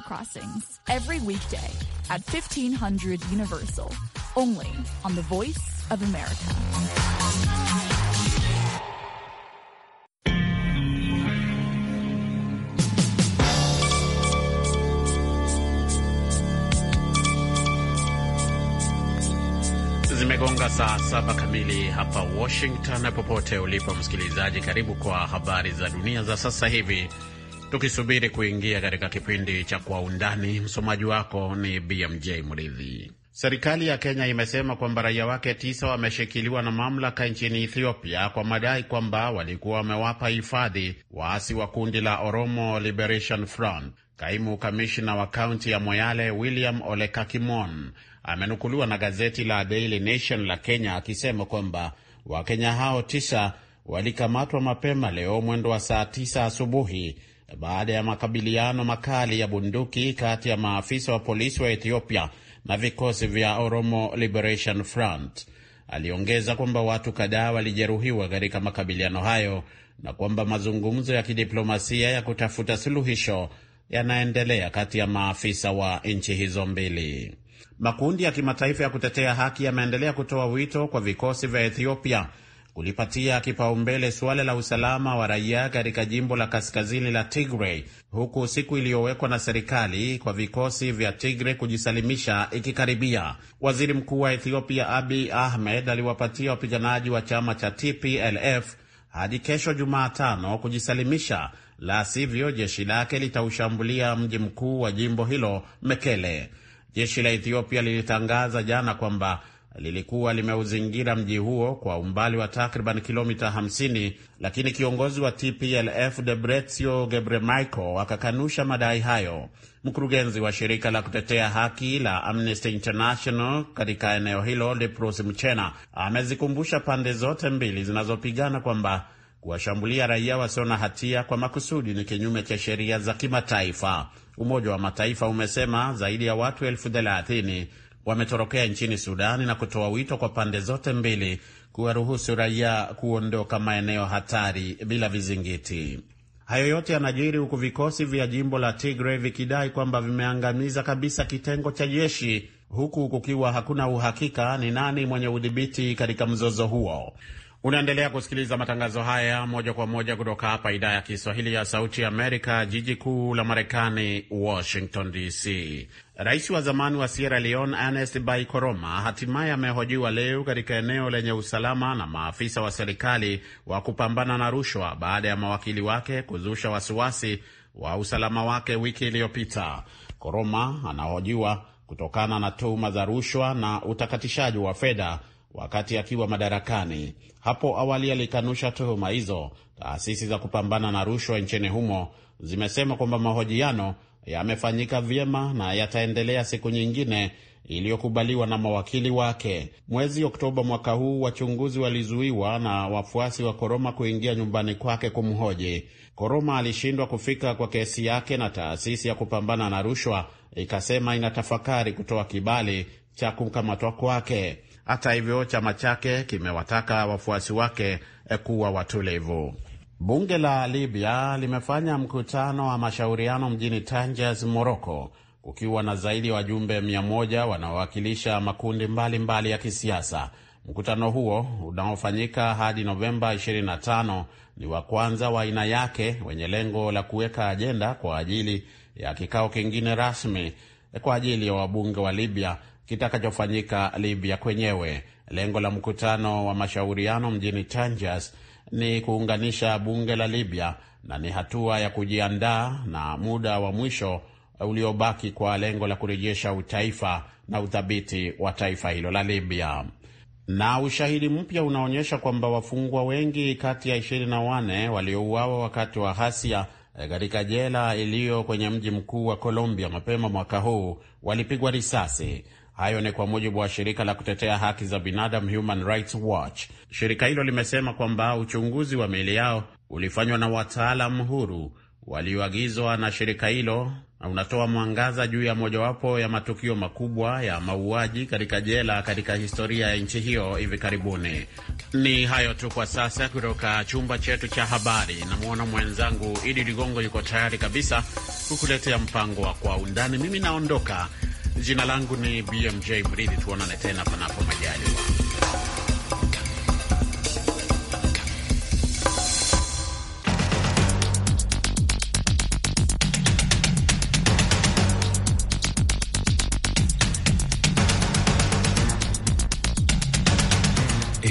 crossings every weekday at 1500 Universal, only on the Voice of America. Zimegonga saa saba kamili hapa Washington. Popote ulipo msikilizaji, karibu kwa habari za dunia za sasa hivi tukisubiri kuingia katika kipindi cha Kwa Undani. Msomaji wako ni BMJ Mridhi. Serikali ya Kenya imesema kwamba raia wake tisa wameshikiliwa na mamlaka nchini Ethiopia kwa madai kwamba walikuwa wamewapa hifadhi waasi wa kundi la Oromo Liberation Front. Kaimu kamishna wa kaunti ya Moyale William Olekakimon amenukuliwa na gazeti la Daily Nation la Kenya akisema kwamba Wakenya hao tisa walikamatwa mapema leo mwendo wa saa tisa asubuhi baada ya makabiliano makali ya bunduki kati ya maafisa wa polisi wa Ethiopia na vikosi vya Oromo Liberation Front. Aliongeza kwamba watu kadhaa walijeruhiwa katika makabiliano hayo na kwamba mazungumzo ya kidiplomasia ya kutafuta suluhisho yanaendelea kati ya maafisa wa nchi hizo mbili. Makundi ya kimataifa ya kutetea haki yameendelea kutoa wito kwa vikosi vya Ethiopia kulipatia kipaumbele suala la usalama wa raia katika jimbo la kaskazini la Tigray, huku siku iliyowekwa na serikali kwa vikosi vya Tigray kujisalimisha ikikaribia. Waziri Mkuu wa Ethiopia Abiy Ahmed aliwapatia wapiganaji wa chama cha TPLF hadi kesho Jumatano kujisalimisha, la sivyo jeshi lake litaushambulia mji mkuu wa jimbo hilo Mekele. Jeshi la Ethiopia lilitangaza jana kwamba lilikuwa limeuzingira mji huo kwa umbali wa takriban kilomita 50, lakini kiongozi wa TPLF Debretsion Gebremichael akakanusha madai hayo. Mkurugenzi wa shirika la kutetea haki la Amnesty International katika eneo hilo lipros Mchena amezikumbusha pande zote mbili zinazopigana kwamba kuwashambulia raia wasio na hatia kwa makusudi ni kinyume cha sheria za kimataifa. Umoja wa Mataifa umesema zaidi ya watu elfu thelathini wametorokea nchini Sudani na kutoa wito kwa pande zote mbili kuwaruhusu raia kuondoka maeneo hatari bila vizingiti. Hayo yote yanajiri huku vikosi vya jimbo la Tigray vikidai kwamba vimeangamiza kabisa kitengo cha jeshi, huku kukiwa hakuna uhakika ni nani mwenye udhibiti katika mzozo huo. Unaendelea kusikiliza matangazo haya moja kwa moja kutoka hapa idhaa ya Kiswahili ya Sauti Amerika, jiji kuu la Marekani, Washington DC. Rais wa zamani wa Sierra Leone Ernest Bai Koroma hatimaye amehojiwa leo katika eneo lenye usalama na maafisa wa serikali wa kupambana na rushwa baada ya mawakili wake kuzusha wasiwasi wa usalama wake wiki iliyopita. Koroma anahojiwa kutokana na tuhuma za rushwa na utakatishaji wa fedha wakati akiwa madarakani. Hapo awali alikanusha tuhuma hizo. Taasisi za kupambana na rushwa nchini humo zimesema kwamba mahojiano yamefanyika vyema na yataendelea siku nyingine iliyokubaliwa na mawakili wake. Mwezi Oktoba mwaka huu, wachunguzi walizuiwa na wafuasi wa Koroma kuingia nyumbani kwake kumhoji. Koroma alishindwa kufika kwa kesi yake na taasisi ya kupambana na rushwa ikasema inatafakari kutoa kibali cha kukamatwa kwake. Hata hivyo, chama chake kimewataka wafuasi wake eh, kuwa watulivu. Bunge la Libya limefanya mkutano wa mashauriano mjini Tangiers, moroco kukiwa na zaidi ya wajumbe mia moja wanaowakilisha makundi mbalimbali mbali ya kisiasa. Mkutano huo unaofanyika hadi Novemba 25 ni wa kwanza wa aina yake wenye lengo la kuweka ajenda kwa ajili ya kikao kingine rasmi eh, kwa ajili ya wabunge wa Libya kitakachofanyika Libya kwenyewe. Lengo la mkutano wa mashauriano mjini Tanjas ni kuunganisha bunge la Libya na ni hatua ya kujiandaa na muda wa mwisho uliobaki kwa lengo la kurejesha utaifa na uthabiti wa taifa hilo la Libya. Na ushahidi mpya unaonyesha kwamba wafungwa wengi kati ya 24 waliouawa wakati wa ghasia eh, katika jela iliyo kwenye mji mkuu wa Colombia mapema mwaka huu walipigwa risasi. Hayo ni kwa mujibu wa shirika la kutetea haki za binadamu Human Rights Watch. Shirika hilo limesema kwamba uchunguzi wa meli yao ulifanywa na wataalam huru walioagizwa na shirika hilo na unatoa mwangaza juu ya mojawapo ya matukio makubwa ya mauaji katika jela katika historia ya nchi hiyo hivi karibuni. Ni hayo tu kwa sasa kutoka chumba chetu cha habari. Namwona mwenzangu Idi Ligongo yuko tayari kabisa kukuletea mpango wa Kwa Undani. Mimi naondoka Jina langu ni BMJ Mridhi, tuonane tena panapo majaliwa.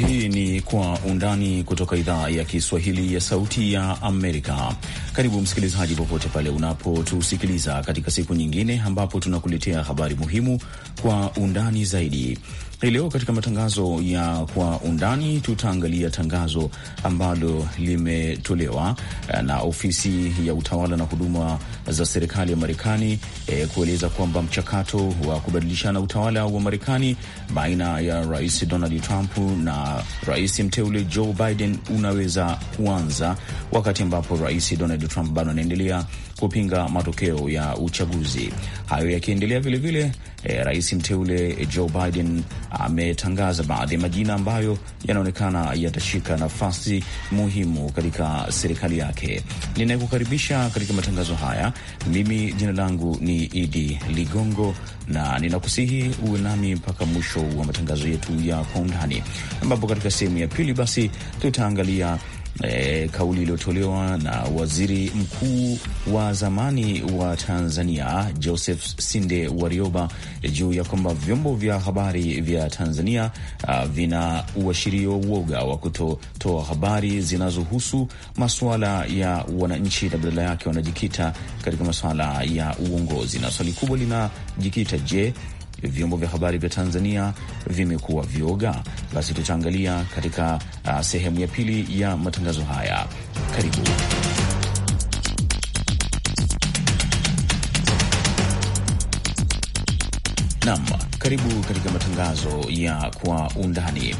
Hii ni Kwa Undani kutoka idhaa ya Kiswahili ya Sauti ya Amerika. Karibu msikilizaji, popote pale unapotusikiliza katika siku nyingine ambapo tunakuletea habari muhimu kwa undani zaidi. Hii leo katika matangazo ya kwa undani tutaangalia tangazo ambalo limetolewa eh, na ofisi ya utawala na huduma za serikali ya Marekani e, kueleza kwamba mchakato wa kubadilishana utawala wa Marekani baina ya Rais Donald Trump na rais mteule Joe Biden unaweza kuanza wakati ambapo Rais Donald Donald Trump bado anaendelea kupinga matokeo ya uchaguzi. Hayo yakiendelea vilevile, e, eh, rais mteule Joe Biden ametangaza baadhi ya majina ambayo yanaonekana yatashika nafasi muhimu katika serikali yake. Ninayekukaribisha katika matangazo haya mimi, jina langu ni Idi Ligongo na ninakusihi uwe nami mpaka mwisho wa matangazo yetu ya Kwa Undani, ambapo katika sehemu ya pili basi tutaangalia e, kauli iliyotolewa na waziri mkuu wa zamani wa Tanzania Joseph Sinde Warioba e, juu ya kwamba vyombo vya habari vya Tanzania a, vina uashirio woga wa kutotoa habari zinazohusu masuala ya wananchi na badala yake wanajikita katika masuala ya uongozi, na swali kubwa linajikita je, vyombo vya habari vya Tanzania vimekuwa vioga? Basi tutaangalia katika uh, sehemu ya pili ya matangazo haya. Karibu. Nam, karibu katika matangazo ya kwa undani.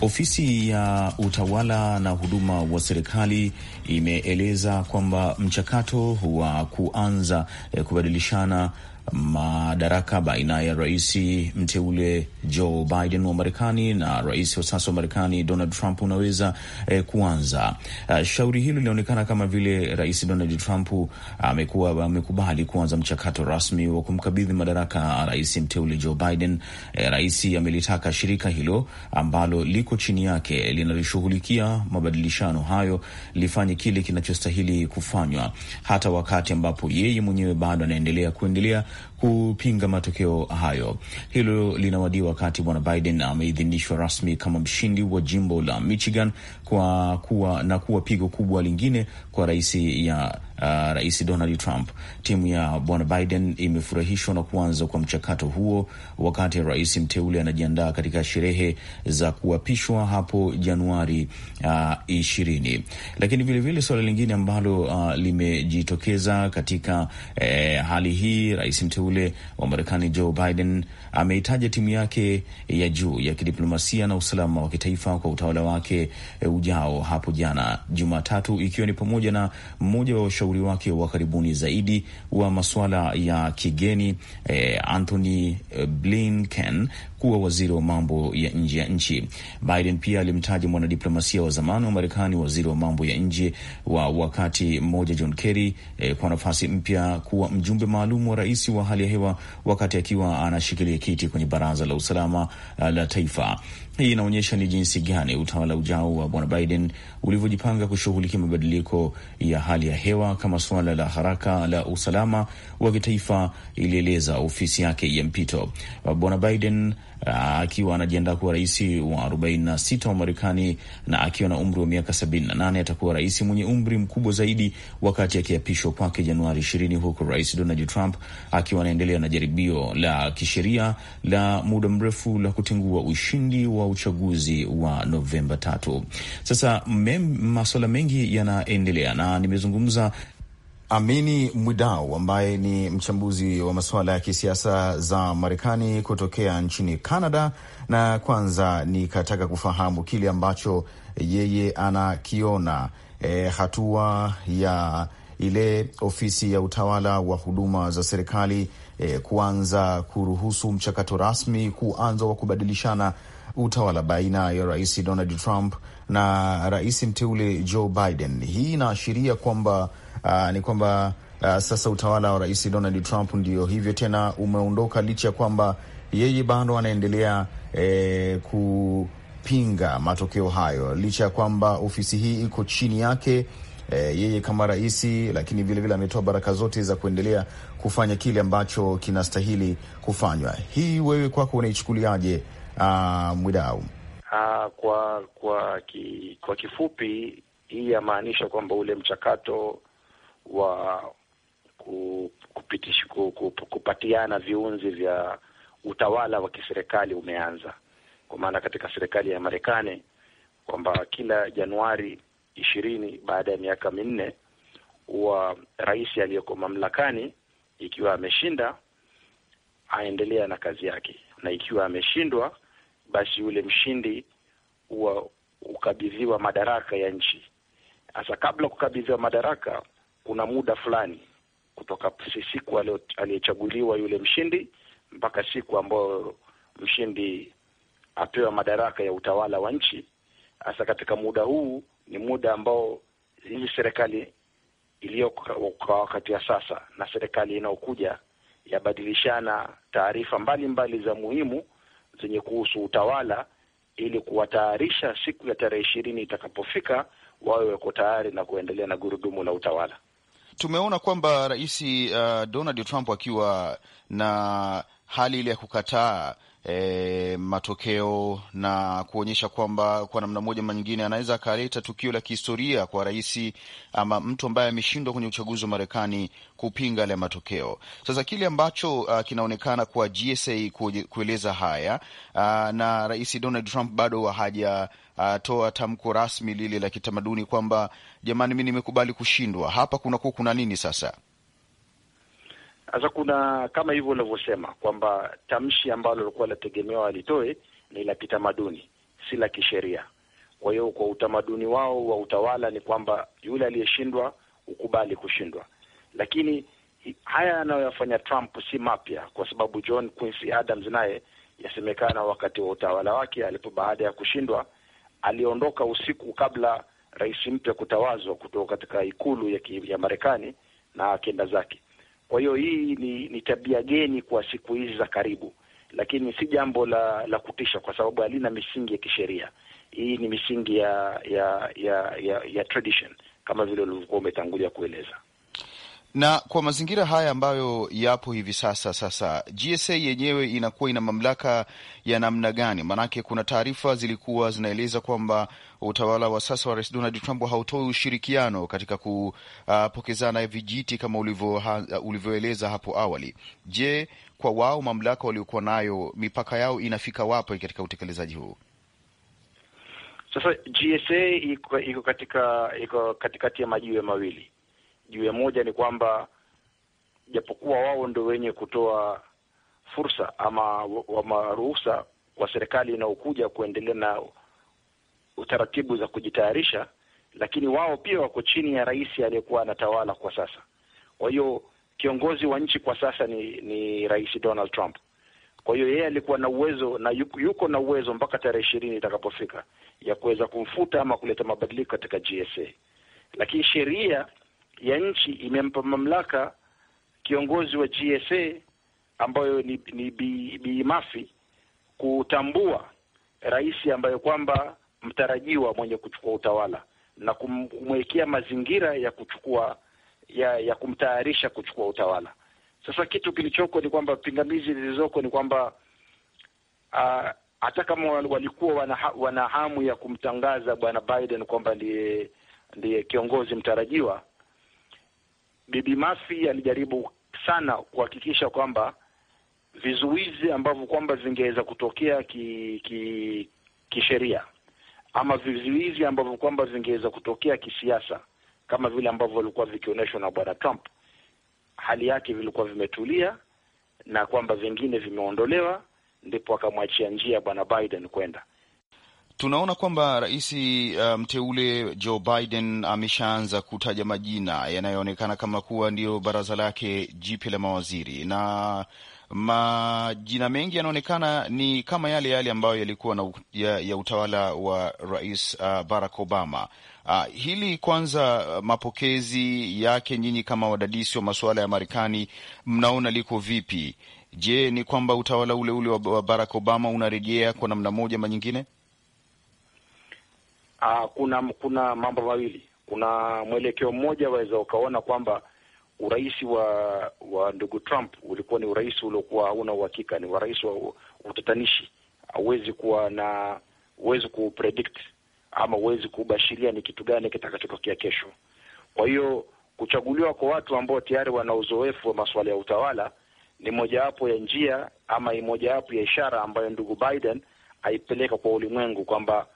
Ofisi ya utawala na huduma wa serikali imeeleza kwamba mchakato wa kuanza eh, kubadilishana madaraka baina ya rais mteule Joe Biden wa Marekani na rais wa sasa wa Marekani Donald Trump unaweza eh, kuanza. Uh, shauri hilo linaonekana kama vile rais Donald Trump ah, amekuwa uh, amekubali kuanza mchakato rasmi wa kumkabidhi madaraka rais mteule Joe Biden. Eh, rais amelitaka shirika hilo ambalo liko chini yake linaloshughulikia mabadilishano hayo lifanye kile kinachostahili kufanywa hata wakati ambapo yeye mwenyewe bado anaendelea kuendelea kupinga matokeo hayo. Hilo linawadia wakati bwana Biden ameidhinishwa rasmi kama mshindi wa jimbo la Michigan kwa kuwa na kuwa pigo kubwa lingine kwa rais ya uh, Rais Donald Trump. Timu ya bwana Biden imefurahishwa na kuanza kwa mchakato huo, wakati rais mteule anajiandaa katika sherehe za kuapishwa hapo Januari uh, ishirini. lakini vilevile suala lingine ambalo uh, limejitokeza katika eh, hali hii, rais mteule wa Marekani Joe Biden ameitaja timu yake ya juu ya kidiplomasia na usalama wa kitaifa kwa utawala wake eh, ujao hapo jana Jumatatu, ikiwa ni pamoja na mmoja wa washauri mshauri wake wa karibuni zaidi wa masuala ya kigeni eh, Anthony eh, Blinken kuwa waziri wa mambo ya nje ya nchi. Biden pia alimtaja mwanadiplomasia wa zamani wa Marekani, waziri wa mambo ya nje wa wakati mmoja John Kerry, e, kwa nafasi mpya kuwa mjumbe maalum wa rais wa hali ya hewa wakati akiwa anashikilia kiti kwenye baraza la usalama eh, la taifa. Hii inaonyesha ni jinsi gani utawala ujao wa bwana Biden ulivyojipanga kushughulikia mabadiliko ya hali ya hewa kama suala la haraka la usalama wa kitaifa, ilieleza ofisi yake ya mpito. Bwana Biden akiwa anajiandaa kuwa rais wa 46 wa Marekani na akiwa na umri wa miaka 78 atakuwa rais mwenye umri mkubwa zaidi wakati akiapishwa kwake Januari 20 huku Rais Donald Trump akiwa anaendelea na jaribio la kisheria la muda mrefu la kutingua ushindi wa uchaguzi wa Novemba tatu. Sasa masuala mengi yanaendelea na nimezungumza Amini Mwidau ambaye ni mchambuzi wa masuala ya kisiasa za Marekani kutokea nchini Canada, na kwanza nikataka kufahamu kile ambacho yeye anakiona e, hatua ya ile ofisi ya utawala wa huduma za serikali e, kuanza kuruhusu mchakato rasmi kuanza wa kubadilishana utawala baina ya Rais Donald Trump na rais mteule Joe Biden. Hii inaashiria kwamba uh, ni kwamba uh, sasa utawala wa Rais Donald Trump ndio hivyo tena umeondoka, licha ya kwamba yeye bado anaendelea eh, kupinga matokeo hayo, licha ya kwamba ofisi hii iko chini yake e, yeye kama raisi, lakini vilevile ametoa baraka zote za kuendelea kufanya kile ambacho kinastahili kufanywa. Hii wewe kwako unaichukuliaje, ah, Mwidau? Kwa kwa ki, kwa kifupi hii yamaanisha kwamba ule mchakato wa kupitish, kupatiana viunzi vya utawala wa kiserikali umeanza, kwa maana katika serikali ya Marekani kwamba kila Januari ishirini baada ya miaka minne huwa rais aliyeko mamlakani ikiwa ameshinda aendelea na kazi yake, na ikiwa ameshindwa basi yule mshindi huwa ukabidhiwa madaraka ya nchi. Sasa kabla kukabidhiwa madaraka, kuna muda fulani kutoka siku aliyechaguliwa yule mshindi mpaka siku ambayo mshindi apewa madaraka ya utawala wa nchi. Hasa katika muda huu ni muda ambao hii serikali iliyoko kwa wakati ya sasa na serikali inayokuja yabadilishana taarifa mbalimbali za muhimu zenye kuhusu utawala ili kuwatayarisha siku ya tarehe ishirini itakapofika wawe wako tayari na kuendelea na gurudumu la utawala tumeona kwamba rais uh, Donald Trump akiwa na hali ile ya kukataa e, matokeo na kuonyesha kwamba kwa namna moja manyingine nyingine anaweza akaleta tukio la kihistoria kwa rais ama mtu ambaye ameshindwa kwenye uchaguzi wa Marekani kupinga yale matokeo. Sasa kile ambacho uh, kinaonekana kwa GSA kueleza haya uh, na rais Donald Trump bado haja Uh, toa tamko rasmi lile la kitamaduni kwamba jamani, mi nimekubali kushindwa hapa, kunakuwa kuna nini sasa? Sasa kuna kama hivyo unavyosema kwamba tamshi ambalo alikuwa linategemewa alitoe ni la kitamaduni, si la kisheria. Kwa hiyo kwa utamaduni wao wa utawala ni kwamba yule aliyeshindwa ukubali kushindwa, lakini haya anayoyafanya Trump si mapya, kwa sababu John Quincy Adams naye yasemekana wakati wa utawala wake alipo, baada ya kushindwa, aliondoka usiku kabla rais mpya kutawazwa kutoka katika ikulu ya, ya Marekani na akenda zake. Kwa hiyo hii ni, ni tabia geni kwa siku hizi za karibu, lakini si jambo la la kutisha kwa sababu halina misingi ya kisheria. Hii ni misingi ya ya ya, ya, ya tradition kama vile ulivyokuwa umetangulia kueleza na kwa mazingira haya ambayo yapo hivi sasa, sasa GSA yenyewe inakuwa ina mamlaka ya namna gani? Maanake kuna taarifa zilikuwa zinaeleza kwamba utawala wa sasa wa Rais Donald Trump hautoi ushirikiano katika kupokezana vijiti kama ulivyoeleza hapo awali. Je, kwa wao mamlaka waliokuwa nayo, mipaka yao inafika wapi katika utekelezaji huu? Sasa GSA iko katika iko katikati ya majiwe mawili juu ya moja ni kwamba japokuwa wao ndio wenye kutoa fursa ama wamaruhusa kwa serikali inayokuja kuendelea na utaratibu za kujitayarisha, lakini wao pia wako chini ya rais aliyekuwa anatawala kwa sasa. Kwa hiyo kiongozi wa nchi kwa sasa ni, ni Rais Donald Trump. Kwa hiyo yeye alikuwa na uwezo na yuko, yuko na uwezo mpaka tarehe ishirini itakapofika ya kuweza kumfuta ama kuleta mabadiliko katika GSA, lakini sheria ya nchi imempa mamlaka kiongozi wa GSA ambayo ni, ni Bi, Bi Mafi kutambua rais ambayo kwamba mtarajiwa mwenye kuchukua utawala na kumwekea mazingira ya kuchukua ya, ya kumtayarisha kuchukua utawala. Sasa kitu kilichoko ni kwamba pingamizi zilizoko ni kwamba hata kama walikuwa wana, wana hamu ya kumtangaza bwana Biden kwamba ndiye ndiye kiongozi mtarajiwa Bibi mafi alijaribu sana kuhakikisha kwamba vizuizi ambavyo kwamba zingeweza kutokea ki, ki, kisheria ama vizuizi ambavyo kwamba zingeweza kutokea kisiasa kama vile ambavyo vilikuwa vikionyeshwa na bwana Trump, hali yake vilikuwa vimetulia na kwamba vingine vimeondolewa, ndipo akamwachia njia bwana Biden kwenda tunaona kwamba rais uh, mteule um, Joe Biden ameshaanza kutaja majina yanayoonekana kama kuwa ndiyo baraza lake jipya la mawaziri na majina mengi yanaonekana ni kama yale yale ambayo yalikuwa na, ya, ya utawala wa rais uh, Barack Obama. Uh, hili kwanza, uh, mapokezi yake nyinyi kama wadadisi wa masuala ya Marekani mnaona liko vipi? Je, ni kwamba utawala ule ule wa Barack Obama unarejea kwa namna moja ama nyingine? uh, kuna kuna mambo mawili, kuna mwelekeo mmoja waweza ukaona kwamba urais wa wa ndugu Trump ulikuwa ni urais uliokuwa hauna uhakika, ni rais wa utatanishi, huwezi kuwa na huwezi kupredict ama huwezi kubashiria ni kitu gani kitakachotokea kesho. Kwa hiyo kuchaguliwa kwa watu ambao tayari wana uzoefu wa masuala ya utawala ni mojawapo ya njia ama mojawapo ya ishara ambayo ndugu Biden aipeleka kwa ulimwengu kwamba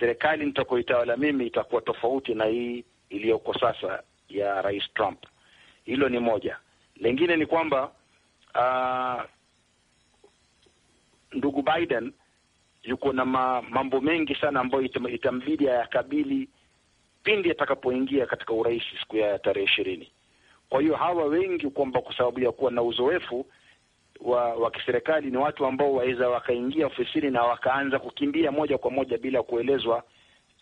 serikali nitakoitawala mimi itakuwa tofauti na hii iliyoko sasa ya Rais Trump. Hilo ni moja. Lengine ni kwamba uh, ndugu Biden yuko na ma, mambo mengi sana ambayo itam, itambidi ayakabili pindi atakapoingia katika urais siku ya tarehe ishirini. Kwa hiyo hawa wengi kwamba kwa sababu ya kuwa na uzoefu wa, wa kiserikali ni watu ambao waweza wakaingia ofisini na wakaanza kukimbia moja kwa moja bila kuelezwa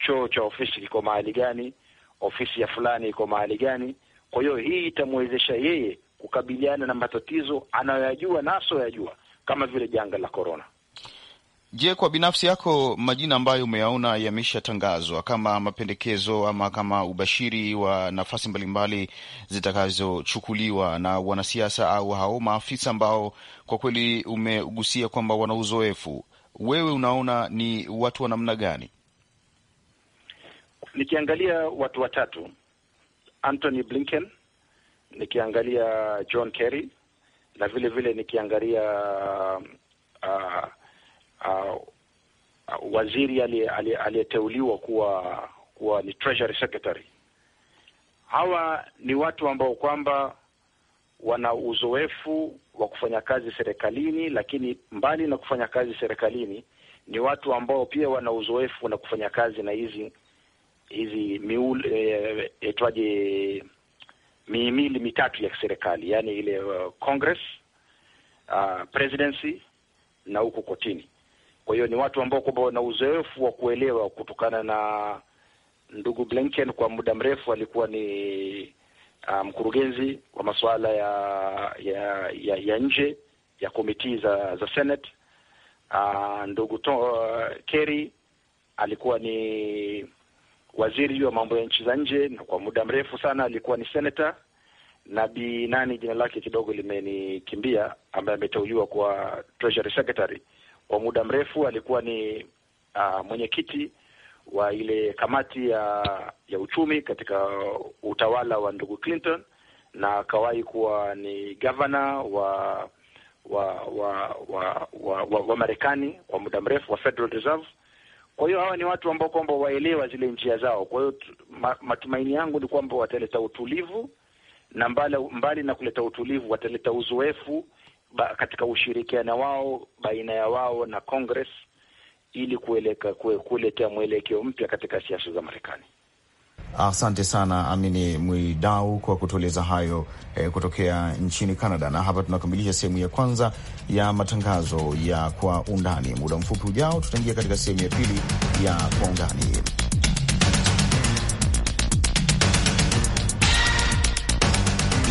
choo cha ofisi kiko mahali gani, ofisi ya fulani iko mahali gani. Kwa hiyo hii itamwezesha yeye kukabiliana na matatizo anayoyajua na asoyajua kama vile janga la korona. Je, kwa binafsi yako majina ambayo umeyaona yameshatangazwa kama mapendekezo ama kama ubashiri wa nafasi mbalimbali zitakazochukuliwa na wanasiasa au hao maafisa ambao kwa kweli umegusia kwamba wana uzoefu, wewe unaona ni watu wa namna gani? Nikiangalia watu watatu, Antony Blinken, nikiangalia John Kerry na vile vile nikiangalia uh, uh, waziri aliyeteuliwa kuwa kuwa ni Treasury Secretary. Hawa ni watu ambao kwamba wana uzoefu wa kufanya kazi serikalini, lakini mbali na kufanya kazi serikalini, ni watu ambao pia wana uzoefu na kufanya kazi na hizi hizi miul e, e, mihimili mitatu ya serikali, yani ile uh, Congress, uh, presidency na huko kotini. Kwa hiyo ni watu ambao kwamba wana uzoefu wa kuelewa, kutokana na ndugu Blinken kwa muda mrefu alikuwa ni ah, mkurugenzi um, wa masuala ya ya, ya, ya nje ya komiti za za Senate. Uh, ndugu to, uh, ah, Kerry alikuwa ni waziri wa mambo ya nchi za nje na kwa muda mrefu sana alikuwa ni senata na bi nani jina lake kidogo limenikimbia, ambaye ameteuliwa kwa treasury secretary kwa muda mrefu alikuwa ni uh, mwenyekiti wa ile kamati ya ya uchumi katika utawala wa ndugu Clinton, na akawahi kuwa ni gavana wa wa wa wa, wa, wa, wa Marekani kwa muda mrefu wa Federal Reserve. Kwa hiyo hawa ni watu ambao kwamba waelewa zile njia zao. Kwa hiyo ma, matumaini yangu ni kwamba wataleta utulivu na mbali, mbali na kuleta utulivu wataleta uzoefu ba, katika ushirikiano wao baina ya wao na Congress ili kueleka kuletea mwelekeo mpya katika siasa za Marekani. Asante sana Amini Mwidau kwa kutueleza hayo eh, kutokea nchini Canada. Na hapa tunakamilisha sehemu ya kwanza ya matangazo ya Kwa Undani. Muda mfupi ujao, tutaingia katika sehemu ya pili ya Kwa Undani.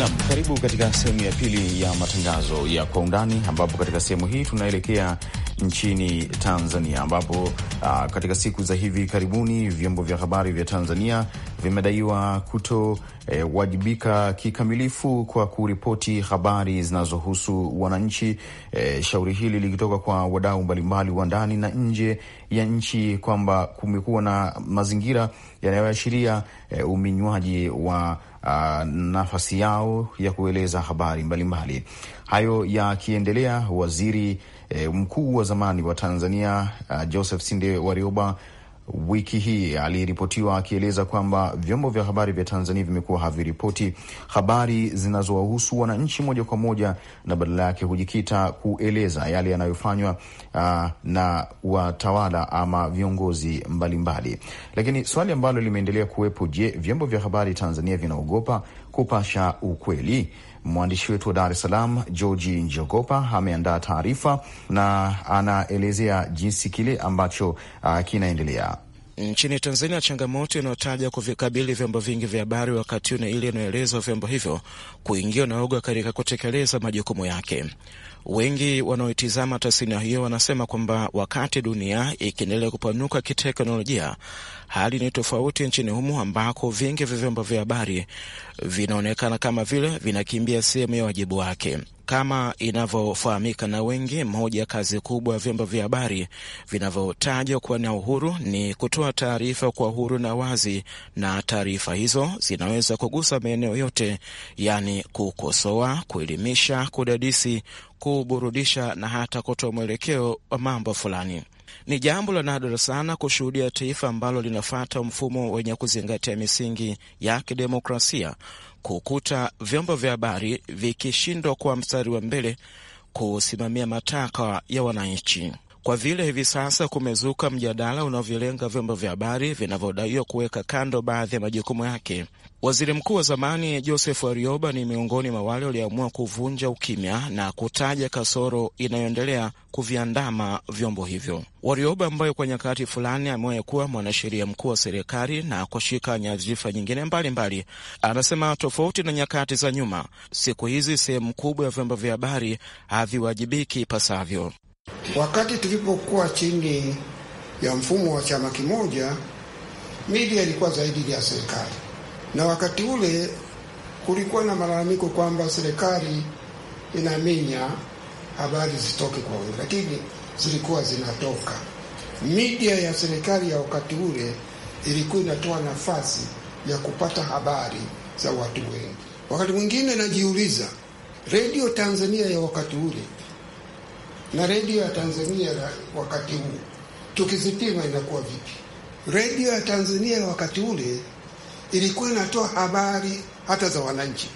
Nam, karibu katika sehemu ya pili ya matangazo ya kwa undani, ambapo katika sehemu hii tunaelekea nchini Tanzania, ambapo ah, katika siku za hivi karibuni vyombo vya habari vya Tanzania vimedaiwa kutowajibika eh, e, kikamilifu kwa kuripoti habari zinazohusu wananchi, e, shauri hili likitoka kwa wadau mbalimbali wa ndani na nje ya nchi kwamba kumekuwa na mazingira yanayoashiria e, uminywaji wa uh, nafasi yao ya kueleza habari mbalimbali mbali. Hayo yakiendelea waziri eh, mkuu wa zamani wa Tanzania uh, Joseph Sinde Warioba wiki hii aliripotiwa akieleza kwamba vyombo vya habari vya Tanzania vimekuwa haviripoti habari zinazowahusu wananchi moja kwa moja na badala yake hujikita kueleza yale yanayofanywa uh, na watawala ama viongozi mbalimbali. Lakini swali ambalo limeendelea kuwepo, je, vyombo vya habari Tanzania vinaogopa kupasha ukweli. Mwandishi wetu wa Dar es Salaam Georgi Njogopa ameandaa taarifa na anaelezea jinsi kile ambacho uh, kinaendelea nchini Tanzania. Changamoto inayotaja kuvikabili vyombo vingi vya habari wakati huu na ile inayoelezwa vyombo hivyo kuingia na uoga katika kutekeleza majukumu yake. Wengi wanaoitizama tasnia hiyo wanasema kwamba wakati dunia ikiendelea kupanuka kiteknolojia, hali ni tofauti nchini humo ambako vingi vya vyombo vya habari vinaonekana kama vile vinakimbia sehemu ya wajibu wake. Kama inavyofahamika na wengi, moja ya kazi kubwa ya vyombo vya habari vinavyotajwa kuwa na uhuru ni kutoa taarifa kwa uhuru na wazi, na taarifa hizo zinaweza kugusa maeneo yote, yaani kukosoa, kuelimisha, kudadisi, kuburudisha na hata kutoa mwelekeo wa mambo fulani. Ni jambo la nadra sana kushuhudia taifa ambalo linafata mfumo wenye kuzingatia misingi ya kidemokrasia kukuta vyombo vya habari vikishindwa kuwa mstari wa mbele kusimamia matakwa ya wananchi kwa vile hivi sasa kumezuka mjadala unaovilenga vyombo vya habari vinavyodaiwa kuweka kando baadhi ya majukumu yake. Waziri mkuu wa zamani Joseph Warioba ni miongoni mwa wale walioamua kuvunja ukimya na kutaja kasoro inayoendelea kuviandama vyombo hivyo. Warioba ambaye kwa nyakati fulani amewahi kuwa mwanasheria mkuu wa serikali na kushika nyadhifa nyingine mbalimbali, anasema tofauti na nyakati za nyuma, siku hizi sehemu kubwa ya vyombo vya habari haviwajibiki ipasavyo. Wakati tulipokuwa chini ya mfumo wa chama kimoja, media ilikuwa zaidi ya serikali, na wakati ule kulikuwa na malalamiko kwamba serikali inaminya habari zitoke kwa wingi, lakini zilikuwa zinatoka. Media ya serikali ya wakati ule ilikuwa inatoa nafasi ya kupata habari za watu wengi. Wakati mwingine najiuliza, redio Tanzania ya wakati ule na redio ya Tanzania wakati huu, tukizipima inakuwa vipi? Redio ya Tanzania wakati ule ilikuwa inatoa habari hata za wananchi.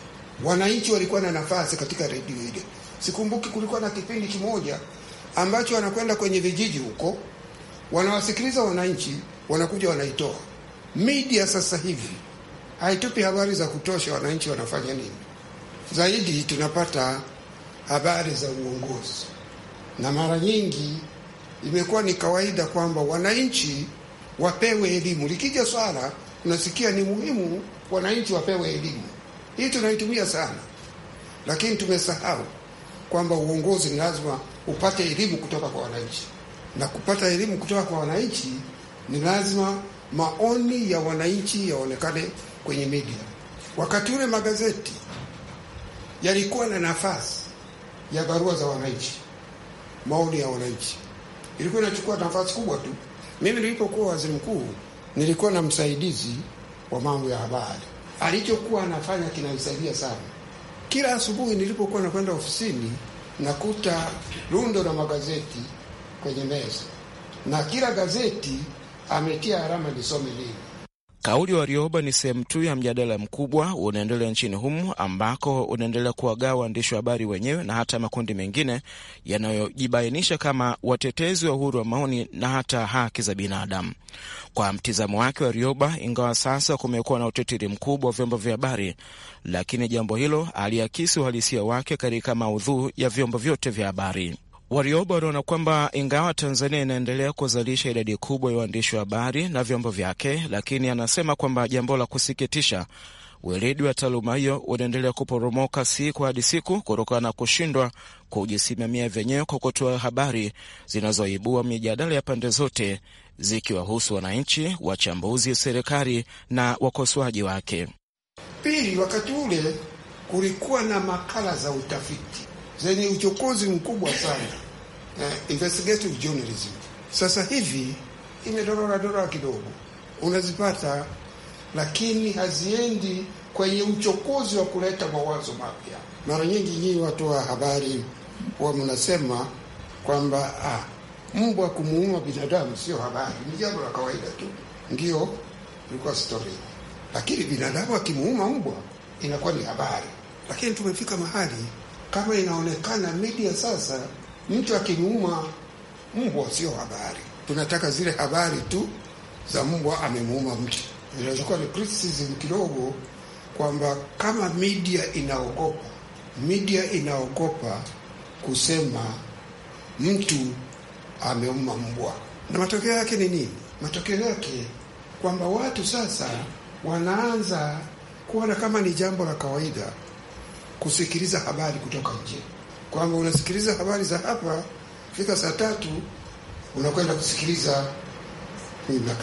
Wananchi walikuwa na nafasi katika redio ile. Sikumbuki kulikuwa na kipindi kimoja ambacho wanakwenda kwenye vijiji huko, wanawasikiliza wananchi, wanakuja wanaitoa. Media sasa hivi haitupi habari za kutosha, wananchi wanafanya nini. Zaidi tunapata habari za uongozi na mara nyingi imekuwa ni kawaida kwamba wananchi wapewe elimu. Likija swala, unasikia ni muhimu wananchi wapewe elimu. Hii tunaitumia sana, lakini tumesahau kwamba uongozi ni lazima upate elimu kutoka kwa wananchi, na kupata elimu kutoka kwa wananchi ni lazima maoni ya wananchi yaonekane kwenye media. Wakati ule magazeti yalikuwa na nafasi ya barua za wananchi maoni ya wananchi. Ilikuwa inachukua nafasi kubwa tu. Mimi nilipokuwa waziri mkuu, nilikuwa na msaidizi wa mambo ya habari, alichokuwa anafanya kinanisaidia sana. Kila asubuhi nilipokuwa nakwenda ofisini, nakuta rundo la magazeti kwenye meza, na kila gazeti ametia alama nisome lini. Kauli wa rioba ni sehemu tu ya mjadala mkubwa unaendelea nchini humu, ambako unaendelea kuwagawa waandishi wa habari wenyewe na hata makundi mengine yanayojibainisha kama watetezi wa uhuru wa maoni na hata haki za binadamu. Kwa mtizamo wake wa rioba ingawa sasa kumekuwa na utetiri mkubwa wa vyombo vya habari, lakini jambo hilo aliakisi uhalisia wake katika maudhuu ya vyombo vyote vya habari. Warioba wanaona kwamba ingawa Tanzania inaendelea kuzalisha idadi kubwa ya waandishi wa habari na vyombo vyake, lakini anasema kwamba jambo la kusikitisha, weledi wa taaluma hiyo unaendelea kuporomoka siku hadi siku kutokana na kushindwa kujisimamia vyenyewe kwa kutoa habari zinazoibua mijadala ya pande zote, zikiwahusu wananchi, wachambuzi, serikali na wakosoaji wake. Pili, wakati ule kulikuwa na makala za utafiti zenye uchokozi mkubwa sana eh, investigative journalism sasa hivi imedorora dorora kidogo, unazipata lakini haziendi kwenye uchokozi wa kuleta mawazo mapya. Mara nyingi nyinyi watu wa habari huwa mnasema kwamba ah, mbwa kumuuma binadamu sio habari, ni jambo la kawaida tu, ndio ilikuwa stori, lakini binadamu akimuuma mbwa inakuwa ni habari. Lakini tumefika mahali kama inaonekana media sasa Mtu akimuuma mbwa sio habari, tunataka zile habari tu za mbwa amemuuma mtu. Inaweza kuwa ni criticism kidogo kwamba kama media inaogopa, media inaogopa kusema mtu ameuma mbwa, na matokeo yake ni nini? Matokeo yake kwamba watu sasa wanaanza kuona kama ni jambo la kawaida kusikiliza habari kutoka nje kwamba unasikiliza habari za hapa, fika saa tatu unakwenda kusikiliza,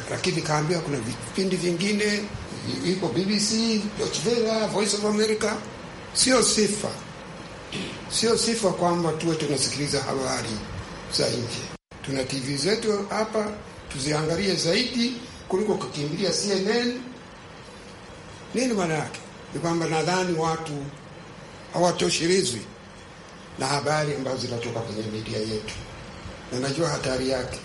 lakini kaambia kuna vipindi vingine iko BBC, Deutsche Welle, Voice of America. Sio sifa, sio sifa kwamba tuwe tunasikiliza habari za nje. Tuna TV zetu hapa, tuziangalie zaidi kuliko kukimbilia CNN. Nini maana yake? Ni kwamba nadhani watu hawatoshelezwi na habari ambazo zinatoka kwenye midia yetu, na najua hatari yake.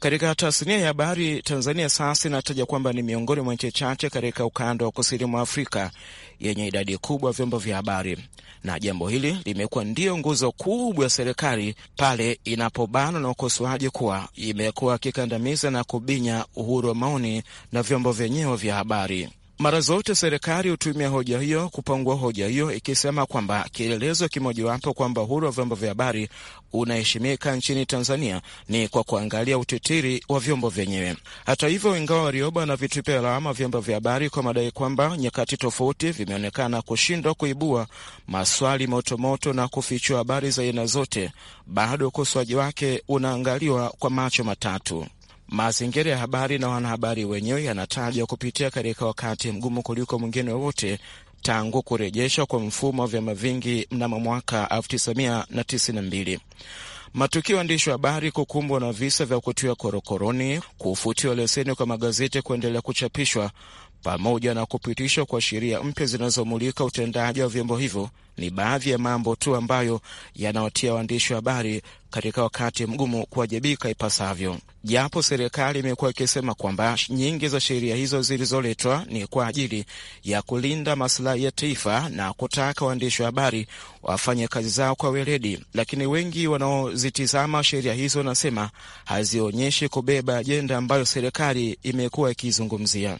Katika tasnia ya habari Tanzania sasa inataja kwamba ni miongoni mwa nchi chache katika ukanda wa kusini mwa Afrika yenye idadi kubwa ya vyombo vya habari, na jambo hili limekuwa ndiyo nguzo kubwa ya serikali pale inapobanwa na ukosoaji kuwa imekuwa ikikandamiza na kubinya uhuru wa maoni na vyombo vyenyewe vya habari. Mara zote serikali hutumia hoja hiyo kupangua hoja hiyo, ikisema kwamba kielelezo kimojawapo kwamba uhuru wa vyombo vya habari unaheshimika nchini Tanzania ni kwa kuangalia utitiri wa vyombo vyenyewe. Hata hivyo, ingawa Warioba vitupia lawama vyombo vya habari kwa madai kwamba nyakati tofauti vimeonekana kushindwa kuibua maswali motomoto na kufichua habari za aina zote, bado ukosoaji wake unaangaliwa kwa macho matatu. Mazingira ya habari na wanahabari wenyewe yanatajwa kupitia katika wakati mgumu kuliko mwingine wowote tangu kurejeshwa kwa mfumo wa vyama vingi mnamo mwaka 1992. Matukio waandishi wa habari kukumbwa na visa vya kutiwa korokoroni, kufutiwa leseni kwa magazeti kuendelea kuchapishwa, pamoja na kupitishwa kwa sheria mpya zinazomulika utendaji wa vyombo hivyo ni baadhi ya mambo tu ambayo yanawatia waandishi wa habari katika wakati mgumu kuwajibika ipasavyo. Japo serikali imekuwa ikisema kwamba nyingi za sheria hizo zilizoletwa ni kwa ajili ya kulinda masilahi ya taifa na kutaka waandishi wa habari wafanye kazi zao kwa weledi, lakini wengi wanaozitizama sheria hizo wanasema hazionyeshi kubeba ajenda ambayo serikali imekuwa ikizungumzia.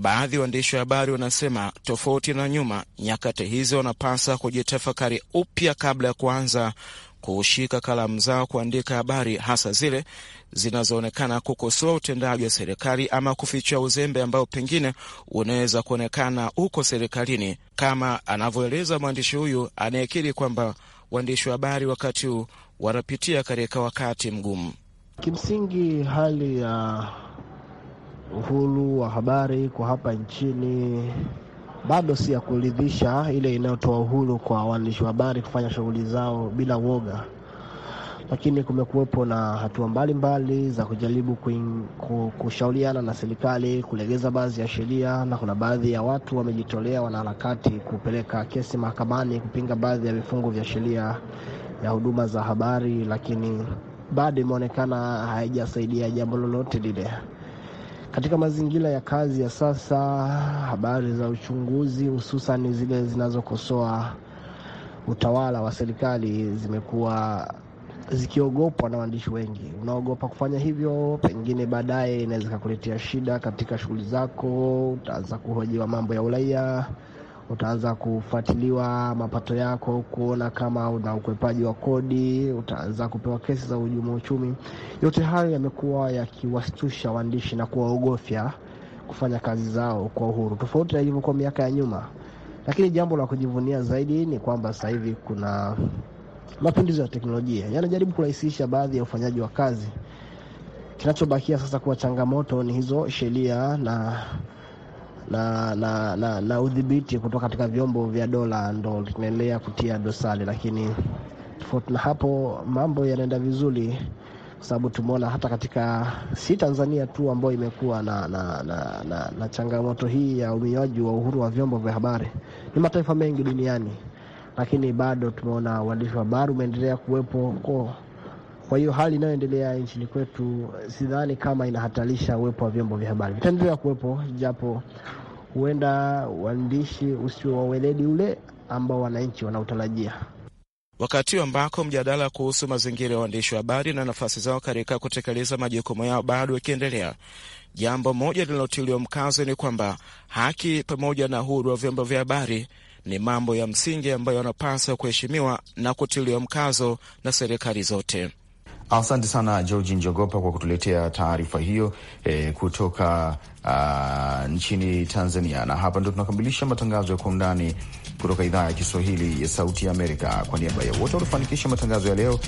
Baadhi ya waandishi wa habari wanasema tofauti na nyuma, nyakati hizo wanapasa kujitafakari upya kabla ya kuanza kushika kalamu zao kuandika habari, hasa zile zinazoonekana kukosoa utendaji wa serikali ama kufichua uzembe ambao pengine unaweza kuonekana huko serikalini, kama anavyoeleza mwandishi huyu anayekiri kwamba waandishi wa habari wakati huu wanapitia katika wakati mgumu. Kimsingi hali ya uhuru wa habari kwa hapa nchini bado si ya kuridhisha, ile inayotoa uhuru kwa waandishi wa habari kufanya shughuli zao bila uoga lakini kumekuwepo na hatua mbalimbali za kujaribu kushauriana na serikali kulegeza baadhi ya sheria, na kuna baadhi ya watu wamejitolea, wanaharakati, kupeleka kesi mahakamani kupinga baadhi ya vifungu vya sheria ya huduma za habari, lakini bado imeonekana haijasaidia jambo lolote lile. Katika mazingira ya kazi ya sasa, habari za uchunguzi, hususan zile zinazokosoa utawala wa serikali, zimekuwa zikiogopwa na waandishi wengi. Unaogopa kufanya hivyo, pengine baadaye inaweza kukuletea shida katika shughuli zako, utaanza kuhojiwa mambo ya uraia utaanza kufuatiliwa mapato yako, kuona kama una ukwepaji wa kodi, utaanza kupewa kesi za uhujumu uchumi. Yote hayo yamekuwa yakiwashtusha waandishi na kuwaogofya kufanya kazi zao kwa uhuru, tofauti na ilivyokuwa miaka ya nyuma. Lakini jambo la kujivunia zaidi ni kwamba sasa hivi kuna mapinduzi ya teknolojia yanajaribu kurahisisha baadhi ya ufanyaji wa kazi. Kinachobakia sasa kuwa changamoto ni hizo sheria na na na, na, na udhibiti kutoka katika vyombo vya dola ndo linaendelea kutia dosari, lakini tofauti na hapo mambo yanaenda vizuri kwa sababu tumeona hata katika si Tanzania tu ambayo imekuwa na, na, na, na, na changamoto hii ya umiaji wa uhuru wa vyombo vya habari, ni mataifa mengi duniani, lakini bado tumeona uandishi wa habari umeendelea kuwepo ko kwa hiyo hali inayoendelea nchini kwetu sidhani kama inahatarisha uwepo wa vyombo vya habari, vitaendelea kuwepo, japo huenda waandishi usio wa weledi ule ambao wananchi wanautarajia wakati ambako mjadala kuhusu mazingira ya waandishi wa habari na nafasi zao katika kutekeleza majukumu yao bado ikiendelea. Jambo moja linalotiliwa mkazo ni kwamba haki pamoja na uhuru wa vyombo vya habari ni mambo ya msingi ambayo yanapaswa kuheshimiwa na kutiliwa mkazo na serikali zote. Asante sana Georgi Njogopa kwa kutuletea taarifa hiyo e, kutoka a, ah, nchini Tanzania. Na hapa ndo tunakamilisha matangazo ya Kwa Undani kutoka idhaa ya Kiswahili ya Sauti ya Amerika. Kwa niaba ya wote waliofanikisha matangazo ya leo,